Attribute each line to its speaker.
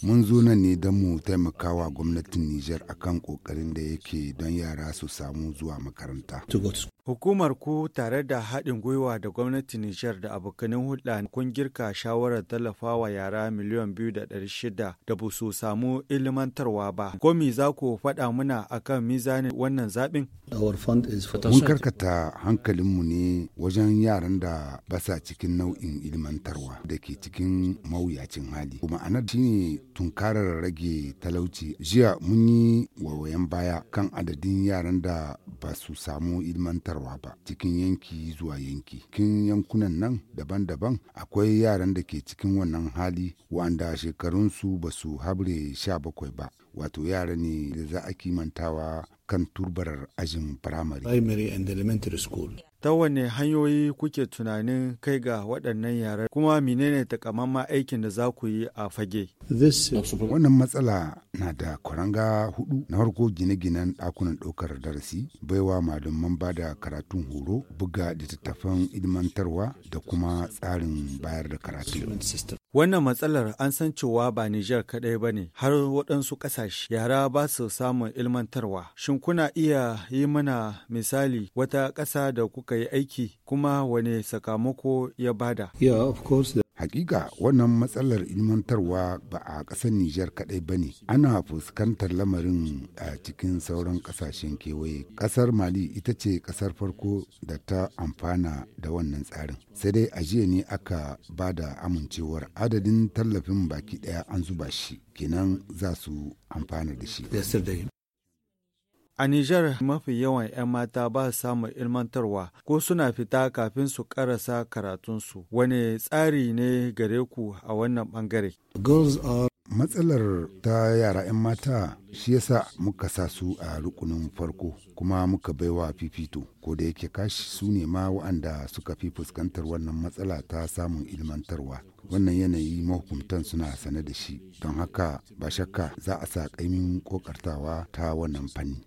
Speaker 1: Mun zo nan ne don mu taimakawa gwamnatin Nijar a kan kokarin da yake don yara su samu zuwa
Speaker 2: makaranta. Hukumar ku tare da haɗin gwiwa da gwamnatin Nijar da abokanin hulɗa kun girka shawarar tallafawa yara miliyan biyu da ɗari shida da ba su samu ilimantarwa ba. Gomi za ku faɗa muna akan mizanin wannan zaɓin?
Speaker 1: Mun karkata hankalinmu ne wajen yaran da ba sa cikin nau'in ilimantarwa da ke cikin mawuyacin hali. Kuma ma'anar shine tunkarar rage talauci jiya mun yi wawayen baya kan adadin yaran da ba su samu ilmantarwa ba cikin yanki zuwa yanki cikin yankunan nan daban-daban akwai yaran da ke cikin wannan hali wanda shekarunsu ba su habre sha bakwai ba wato yara ne da za a kimantawa kan turbar ajin firamare. Primary and elementary school.
Speaker 2: ta wane hanyoyi kuke tunanin kai ga waɗannan yare kuma menene takamamman aikin da za ku yi a fage
Speaker 1: wannan matsala na da kwaranga hudu na farko gine-ginen ɗakunan ɗaukar darasi baiwa malaman ba da karatun horo buga littattafan ilmantarwa da kuma tsarin bayar da karatu
Speaker 2: Wannan matsalar an san cewa ba Nijar kaɗai ba ne, har waɗansu ƙasashe yara ba su samun ilmantarwa. Shin kuna iya yi mana misali wata ƙasa da kuka yi aiki kuma wane sakamako ya bada? Yeah,
Speaker 1: of course. Hakika wannan matsalar ilmantarwa ba a ƙasar Nijar kaɗai ba ne, ana fuskantar lamarin a cikin sauran ƙasashen kewaye. Ƙasar Mali ita ce ƙasar farko da ta amfana da wannan tsarin. Sai dai a jiya ne aka ba da amincewar adadin tallafin baki ɗaya an zuba shi, kenan za su amfana da shi.
Speaker 2: A Nijar mafi yawan 'yan mata ba samun ilmantarwa ko suna fita kafin su karasa karatunsu. Wane tsari ne gare ku a wannan bangare? Girls
Speaker 1: are matsalar ta yara 'yan mata shi yasa muka sa su a rukunin farko kuma muka baiwa fifito ko da yake kashi su ne ma waɗanda suka fi fuskantar wannan matsala ta samun ilmantarwa wannan yanayi mahukuntan suna sane da
Speaker 2: shi don haka ba shakka za a sa ƙaimin ƙoƙartawa ta wannan fanni